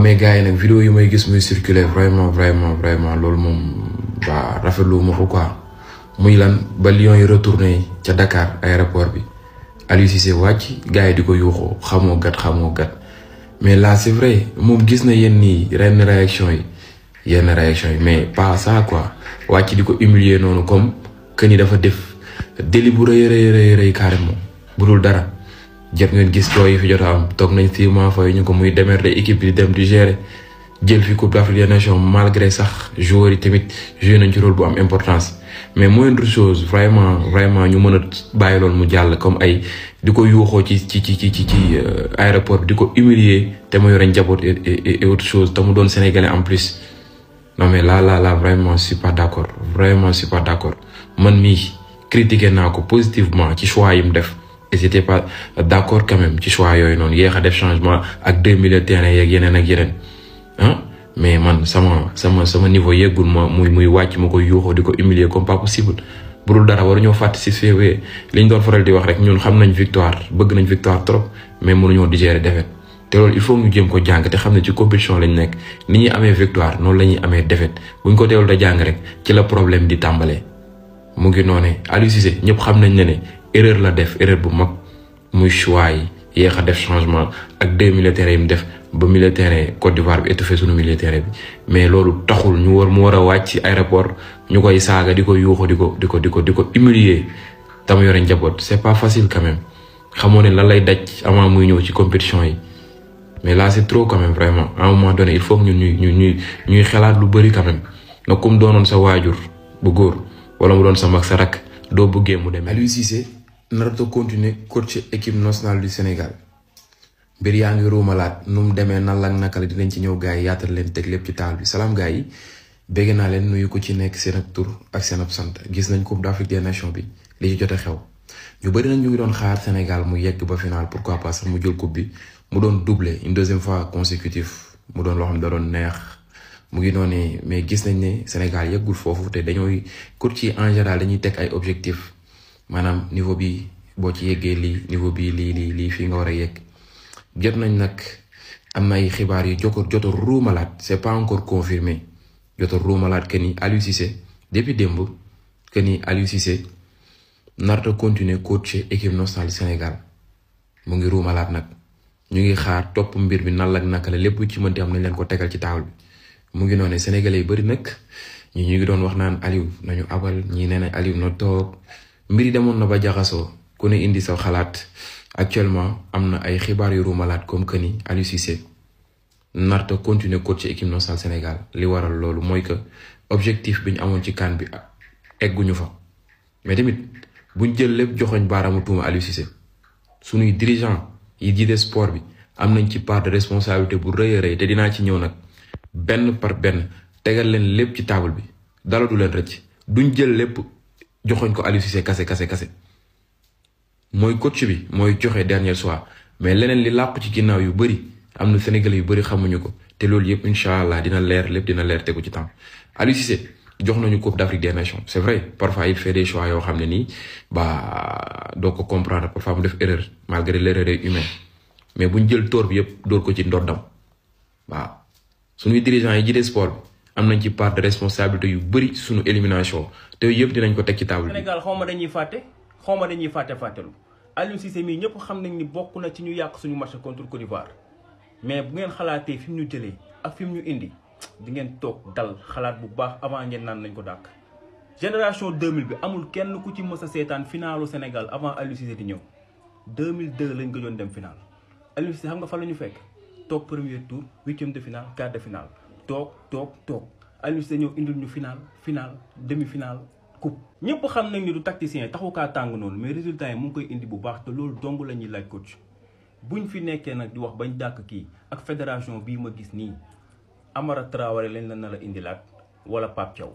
non mais gars yi nag vidéo yi may gis muy circuler vraiment vraiment vraiment loolu moom waa rafetlu ma ko quoi muy lan ba Lions yi retourné ca Dakar aéroport bi Aliou Cissé wàcc gars yi di ko yuuxoo xamoo gat xamoo gat mais la c'est vrai moom gis na yenn nii yenn réaction yi yenn réaction yi mais pas ça quoi wàcc di ko humilier noonu comme que ni dafa def délit bu rëy rëy rëy rëy carrément bu dul dara. jot ngeen gis coow fi jot a am toog nañ six mois fay ñu ko muy démerde équipe bi di dem di gérer jël fi coupe d'Afrique des nations malgré sax joueurs yi tamit joué nañ ci rôle bu am importance. mais moindre chose vraiment vraiment ñu mën a bàyyi loolu mu jàll comme ay di ko yuuxoo ci ci ci ci ci euh, aéroport di ko humilier te mu yore njaboot et autre chose te mu doon sénégalais en plus non mais là là là vraiment je suis pas d'accord vraiment je suis pas d'accord man mii critiqué naa ko positivement ci choix yi mu def. ils étaient pas d'accord quand même ci choix yooyu noonu yéex def changement ak deux mille terrain yeeg yeneen ak yeneen mais man sama sama sama niveau yeggul ma muy muy wàcc ma koy yuuxoo di ko humilier comme pas possible bu dul dara waruñoo fàtte si février li ñu doon faral di wax rek ñun xam nañ victoire bëgg nañ victoire trop mais mënuñoo digérer défaite te loolu il faut ñu jéem ko jàng te xam ne ci compétition lañu nekk ni ñuy amee victoire noonu la ñuy amee défaite buñ ko teewul da jàng rek ci la problème di tàmbalee mu ngi noonee Aliou ñëpp xam nañ ne ne erreur la def erreur bu mag muy choix yi yéex a def changement ak deux militaires yi mu def ba militaire Côte d'Ivoire bi étouffé sunu militaire bi mais loolu taxul ñu war mu war a wàcc ci aéroport ñu koy saaga di ko yuuxu di ko di ko di ko di ko humilier tam yore njaboot c'est pas facile quand même xamoo ne lan lay daj avant muy ñëw ci compétition yi mais là c'est trop quand même vraiment à un moment donné il faut que ñun ñuy ñuy ñuy ñuy xalaat lu bëri quand même comme doonoon sa waajur bu góor wala mu doon sa mag doo bëggee mu demee. Aliou Cissé narata continuer coach équipe nationale du Sénégal mbir yaa ngi ruumalaat nu mu demee nan la naka la dinañ ci ñëw gars yi yaatal leen teg lépp ci taal bi salaam gars yi bégg naa leen nuyu ko ci nekk seen ab ak seen ab sant gis nañ Coupe d'Afrique des Nations bi li ci jote xew ñu bëri nañ ñu ngi doon xaar Sénégal mu yegg ba final pourquoi pas sax mu jël coupe bi mu doon doublé une deuxième fois consécutif mu doon loo xam ne da doon neex mu ngi noonu mais gis nañ ne Sénégal yeggul foofu te dañooy coach ci en général dañuy teg ay objectif maanaam niveau bi boo ci yeggee lii niveau bi lii lii lii fii nga war a yegg jot nañ nag am na ay xibaar yu jokko joto ruumalaat c'est pas encore confirmé joto ruumalaat que ni Aliou Cissé démb que ni Aliou Cissé narta continuer coacher équipe nationale Sénégal mu ngi ruumalaat nag ñu ngi xaar topp mbir bi nal ak naka la lépp ci mënti am nañ leen ko tegal ci table bi mu ngi noonu Sénégalais yu bari nag ñu ñu ngi doon wax naan Aliou nañu abal ñi nee na Aliou na toog mbir yi demoon na ba jaxasoo ku ne indi sa xalaat actuellement am na ay xibaar yu ruumalaat comme que ni Aliou Cissé narta continuer coach ci équipe nationale Sénégal li waral loolu mooy que objectif bi ñu amoon ci kan bi ah, egguñu fa mais tamit buñ jël lépp joxoñ baaraamu tuuma Aliou Cissé suñuy dirigeant yi jiite sport bi am nañ ci part de responsabilité bu rëy a rëy te dinaa ci ñëw nag benn par benn tegal leen lépp ci table bi dala du leen rëcc duñ jël lépp. joxoñ ko Aliou Cissé kase kase kase mooy coach bi mooy joxe dernier soir mais leneen li làpp ci ginnaaw yu bëri am na Sénégalais yu bëri xamuñu ko te loolu yëpp incha allah dina leer lépp dina leer tegu ci temps Aliou jox nañu Coupe d'Afrique des Nations c'est vrai parfois il fait des choix yoo xam ne nii ba doo ko comprendre parfois mu def erreur malgré l'erreur est mais bu ñu jël tóor bi yëpp door ko ci ndoddam waaw suñuy dirigeants yi jiite sport bi am nañ ci part de responsabilité yu bëri suñu élimination te yëpp dinañ ko teg ci table bi. Sénégal xaw ma dañuy fàtte xaw ma dañuy fàtte fàttelu Aliou Cissé mii ñëpp xam nañ ni bokk na ci ñu yàq suñu match contre Côte d'Ivoire mais bu ngeen xalaatee fi mu ñu jëlee ak fi mu ñu indi di ngeen toog dal xalaat bu baax avant ngeen naan nañ ko dàq. génération 2000 bi amul kenn ku ci mës a seetaan finalu Sénégal avant Aliou di ñëw 2002 lañ gëjoon dem final Aliou xam nga fa la ñu fekk toog premier tour huitième de finale quart de toog toog toog. Aliou Cissé ñëw indil ñu final final demi final coupe. ñëpp xam nañ ni du tacticien taxu kaa tàng noonu mais résultat yi mu koy indi bu baax te loolu dong la ñuy laaj bu ñu fi nekkee nag di wax bañ dàkk kii ak fédération bii ma gis nii Amara Traoré lañ la nar a indilaat wala Pape Thiaw.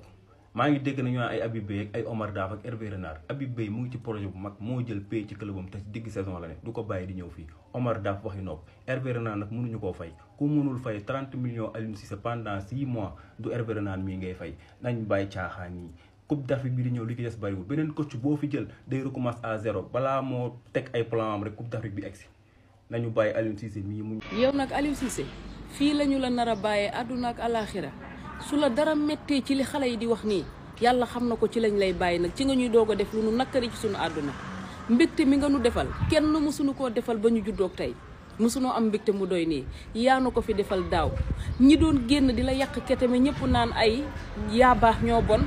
maa ngi dégg nañu ay Habib Beye ak ay Omar Daf ak Hervé Renard Habib mu ngi ci projet bu mag moo jël pay ci clubam te digg saison la ne du ko bàyyi di ñëw fii Omar Daf waxi nopp Hervé Renard nag mënuñu koo fay ku mënul fay 30 millions Aliou Cissé pendant 6 mois du Hervé Renard mii ngay fay nañ bàyyi caaxaan yi coupe d'Afrique bi di ñëw li ci des bariwul beneen coach boo fi jël day recommence à zéro balaa moo teg ay plan am rek coupe d'Afrique bi egsi nañu bàyyi Aliou Cissé mii mu. yow nag Aliou Cissé fii lañu la nar bàyyee àdduna ak alaaxira su la dara méttee ci li xale yi di wax nii yàlla xam na ko ci lañ lay bàyyi nag ci nga ñuy doog a def lu nu nakkari ci sunu àdduna mbégte mi nga nu defal kenn mësuñu koo defal ba ñu juddoog tey mësunoo am mbégte mu doy nii yaa nu ko fi defal daaw ñi doon génn di la yàq kete mi ñëpp naan ay yaa baax ñoo bon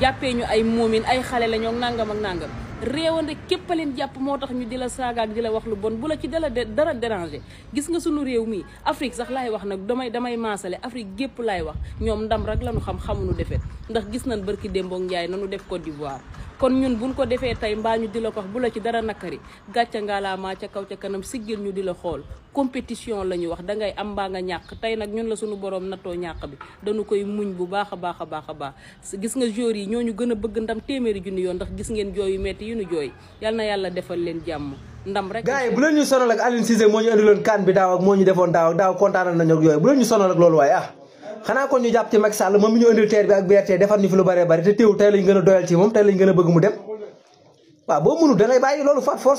jàppee ñu ay moomin ay xale la ñoo nangam ak nangam réewande képp a leen jàpp moo tax ñu di la saaga di la wax lu bon bu la ci dala dara déranger gis nga sunu réew mi Afrique sax laay wax nag damay damay maasale Afrique gépp laay wax ñoom ndam rek la ñu xam xamuñu defet ndax gis nañ barki démboog Njaay nanu def Côte d'Ivoire kon ñun bu buñ ko defee tey mbaa ñu di la ko wax bu la ci dara nakari gàcce ngaalaamaa ca kaw ca kanam siggil ñu di la xool compétition la ñu wax dangay am mbaa nga ñàkk tey nag ñun la suñu borom nattoo ñàkk bi dañu koy muñ bu baax a baax a baax a baax gis nga joueurs yi ñoo ñu gën a bëgg ndam téeméeri junni yoon ndax gis ngeen jooy yu metti yu nu jooy yal na yàlla defal leen jàmm ndam rek gars yi bu leen ñu sonal ak Aliou moo ñu indiloon kan bi daaw moo ñu defoon daaw ak daaw kontaanal nañu ak yooyu bu ñu sonal ak loolu waaye ah. xanaa kon ñu jàpp ci Macky Sall moom mi ñu indil TER bi ak BRT defar ñu fi lu bëree bëri te teewul tey lañ a doyal ci moom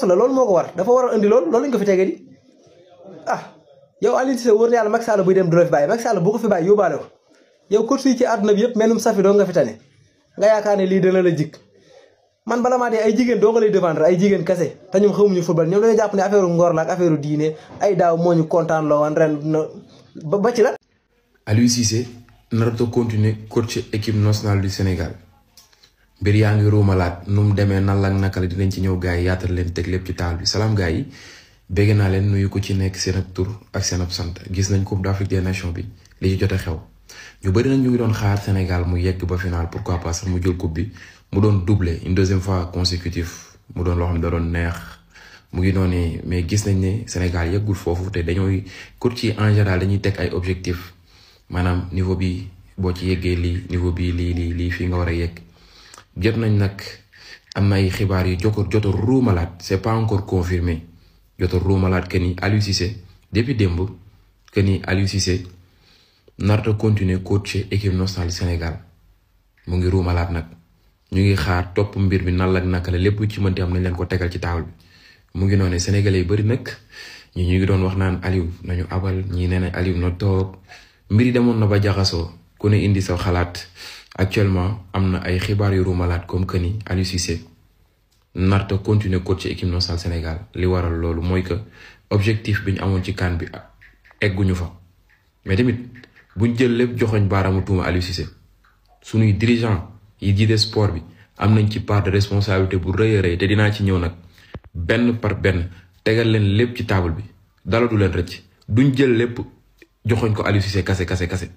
loolu moo ko war dafa a indi loolu loolu lañ ko fi tegee di ah yow Aliou buy dem du la fi bàyyi Macky Sall bu ko fi bàyyi yóbbaale ko yow course yi ci àdduna bi yëpp melnum safi doo nga fi tane nga ne lii dana la jik man bala maa dee ay jigéen doo nga lay défendre ay jigéen kese te ñoom xamuñu football ñoom dañoo jàpp ne affaire ngor la ak affaire diine ay daaw moo ñu kontaan loo woon ren ba ci la Aliou Cissé narata continuer coach équipe nationale du Sénégal mbir yaa ngi ruumalaat nu mu demee nan la ak naka la dinañ ci ñëw gars yi yaatal leen teg lépp ci taal bi salaam gars yi bégg naa leen nuyu ko ci nekk seen ab tur ak seen ab sant gis nañ Coupe d'Afrique des Nations bi li ci jotee xew ñu bëri nañ ñu ngi doon xaar Sénégal mu yegg ba final pourquoi pas sax mu jël coupe bi mu doon doublé une deuxième fois consécutif mu doon loo xam ne da mu ngi noonu mais gis nañ ne Sénégal yeggul foofu te dañooy coach yi en général dañuy teg ay objectifs. maanaam niveau bi boo ci yeggee lii niveau bi lii lii lii fii nga war a yegg jot nañ nag am ay xibaar yu jokko joto ruumalaat c'est pas encore confirmé joto ruumalaat que ni Aliou Cissé depuis que ni Aliou Cissé narta continuer coacher équipe nationale Sénégal mu ngi ruumalaat nag ñu ngi xaar topp mbir bi nan la naka la lépp ci mënti am nañ leen ko tegal ci table bi mu ngi noonu Sénégalais yu bari nag ñu ñu ngi doon wax naan Aliou nañu abal ñii nee na Aliou na toog mbir yi demoon na ba jaxasoo ku ne indi sa xalaat actuellement am na ay xibaar yu rumalaat comme que ni Aliou Cissé narta continuer coach ci équipe nationale Sénégal li waral loolu mooy que objectif bi ñu amoon ci kan bi ah, egguñu fa mais tamit buñ jël lépp joxoñ baaraamu tuuma Aliou Cissé suñuy dirigeant yi jiite sport bi am nañ ci part de responsabilité bu rëy rëy te dinaa ci ñëw nag benn par benn tegal leen lépp ci table bi dala du leen rëcc duñ jël lépp. joxoñ ko Aliou kase kase kase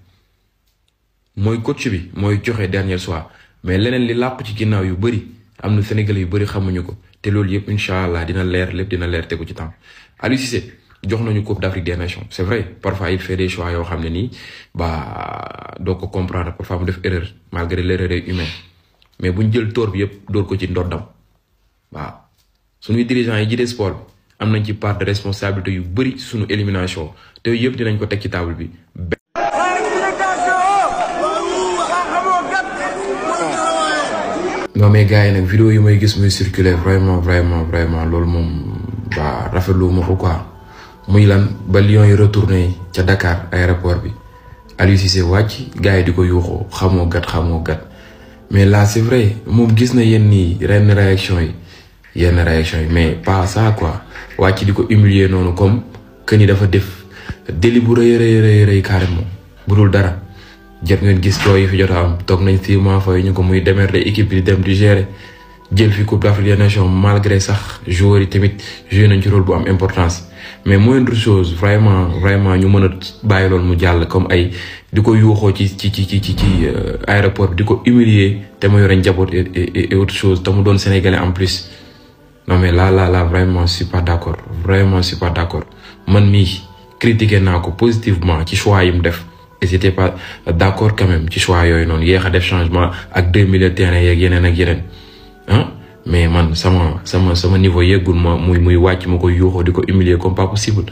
mooy coach bi mooy joxe dernier soir mais leneen li làqu ci ginnaaw yu bëri am na Sénégalais yu bëri xamuñu ko te loolu yëpp incha allah dina leer lépp dina leer tegu ci temps Aliou jox nañu Coupe d'Afrique des Nations c'est vrai parfois il fait des choix yoo xam ne nii ba doo ko comprendre parfois mu def erreur malgré l'erreur est humaine mais buñ jël toor bi yëpp door ko ci ndoddam waaw suñuy dirigeants yi jiite sport am nañ ci part de responsabilité yu bëri suñu élimination te yëpp dinañ ko teg ci table bi. non mais gars yi nag vidéo yi may gis muy circuler vraiment vraiment vraiment loolu moom waa rafetlu ma ko quoi muy lan ba Lions yi retourné ca Dakar aéroport bi Aliou Cissé wàcc gars yi di ko yuuxoo xamoo gat xamoo gat mais la c'est vrai moom gis na yenn nii ren réaction yi. yenn yi mais pas ça quoi wàcc di ko humilier noonu comme que ni dafa def délit bu rëy rëy rëy rëy carrément bu dul dara jot ngeen gis coow yi fi jot am toog nañ six mois fay ñu ko muy démerde équipe bi dem di gere jël fi coupe d'Afrique des nations malgré sax joueurs yi tamit joué nañ ci rôle bu am importance mais moindre chose vraiment vraiment ñu mën a bàyyi loolu mu jàll comme ay di ko yuuxoo ci ci ci ci ci ci euh, aéroport di ko humilier te mu yore njaboot et autre chose te doon sénégalais en plus. non mais là là là vraiment je suis pas d'accord vraiment je suis pas d'accord man mii critiqué naa ko positivement ci choix yi mu def et j'étais pas d'accord quand même ci choix yooyu noonu yéex a def changement ak deux milieux de terrain yeeg yeneen ak yeneen mais man sama sama sama niveau yeggul ma muy muy wàcc ma ko yuuxoo di ko humilier comme pas possible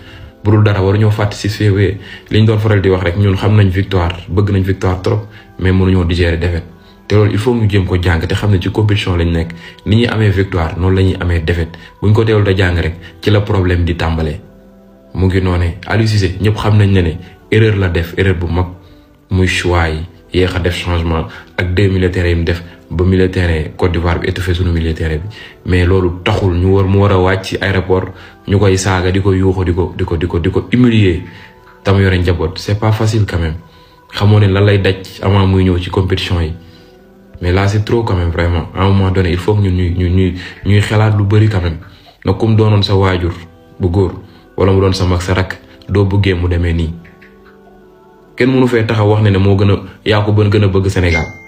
bu dul dara waruñoo fàtte si février li ñu doon faral di wax rek ñun xam nañ victoire bëgg nañ victoire trop mais mënuñoo digérer défaite loolu il faut ñu jéem ko jàng te xam ne ci compétition lañu nekk ni ñuy amee victoire noonu la ñuy amee défaite buñ ko teewul da jàng rek ci la problème di tàmbalee. mu ngi noonee Aliou Cissé ñëpp xam nañ ne ne erreur la def erreur bu mag muy choix yi yéex a def changement ak deux milieux terrain yi mu def ba milieu terrain Côte d'Ivoire bi étouffé sunu milieu terrain bi mais loolu taxul ñu war mu war a wàcc ci aéroport ñu koy saaga di ko yuuxu di ko di ko di ko di ko humilier njaboot c'est pas facile quand même xamoo ne lan lay daj avant muy ñëw ci compétition yi. mais là c'est trop comme même vraiment à un moment donné il faut ñu ñuy ñuy ñuy xalaat lu bëri quand na nag doonoon sa waajur bu góor wala mu doon sa mag sa rakk doo buggee mu demee nii kenn mënu fee taxaw wax na ne moo gën a yaa ko bën gën a bëgg Sénégal.